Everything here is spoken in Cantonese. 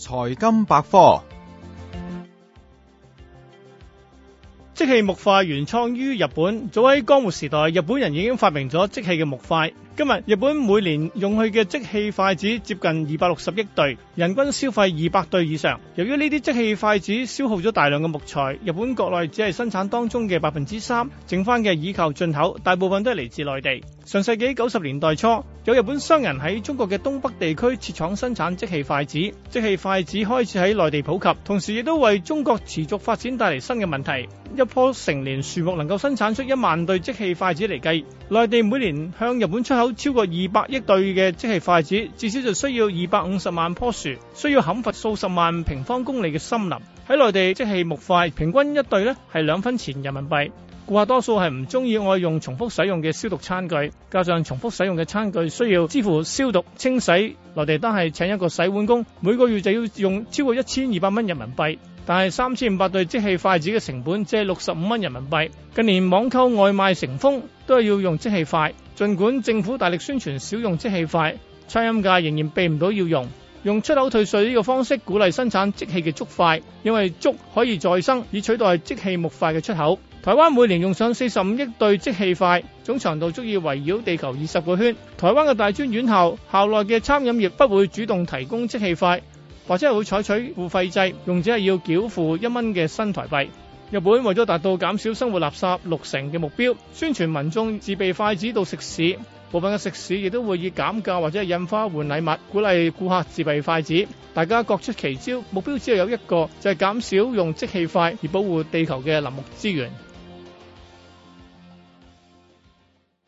財金百科，即棄木筷原創於日本，早喺江戶時代，日本人已經發明咗即棄嘅木筷。今日日本每年用去嘅即棄筷子接近二百六十億對，人均消費二百對以上。由於呢啲即棄筷子消耗咗大量嘅木材，日本國內只係生產當中嘅百分之三，剩翻嘅依靠進口，大部分都係嚟自內地。上世紀九十年代初，有日本商人喺中國嘅東北地區設廠生產即棄筷子，即棄筷子開始喺內地普及，同時亦都為中國持續發展帶嚟新嘅問題。一棵成年樹木能夠生產出一萬對即棄筷子嚟計，內地每年向日本出口，超過二百億對嘅即棄筷子，至少就需要二百五十萬棵樹，需要砍伐數十萬平方公里嘅森林。喺內地即棄木筷，平均一對呢係兩分錢人民幣。話多數係唔鍾意愛用重複使用嘅消毒餐具，加上重複使用嘅餐具需要支付消毒清洗，內地單係請一個洗碗工，每個月就要用超過一千二百蚊人民幣。但係三千五百對即棄筷子嘅成本只係六十五蚊人民幣。近年網購外賣成風，都係要用即棄筷。儘管政府大力宣傳少用即棄筷，餐飲界仍然避唔到要用。用出口退稅呢個方式鼓勵生產即棄嘅竹筷，因為竹可以再生，以取代即棄木筷嘅出口。台灣每年用上四十五億對即棄筷，總長度足以圍繞地球二十個圈。台灣嘅大專院校校內嘅餐飲業不會主動提供即棄筷，或者係會採取付費制，用者係要繳付一蚊嘅新台幣。日本為咗達到減少生活垃圾六成嘅目標，宣傳民眾自備筷子到食肆，部分嘅食肆亦都會以減價或者印花換禮物，鼓勵顧客自備筷子。大家各出奇招，目標只係有一個，就係減少用即棄筷，而保護地球嘅林木資源。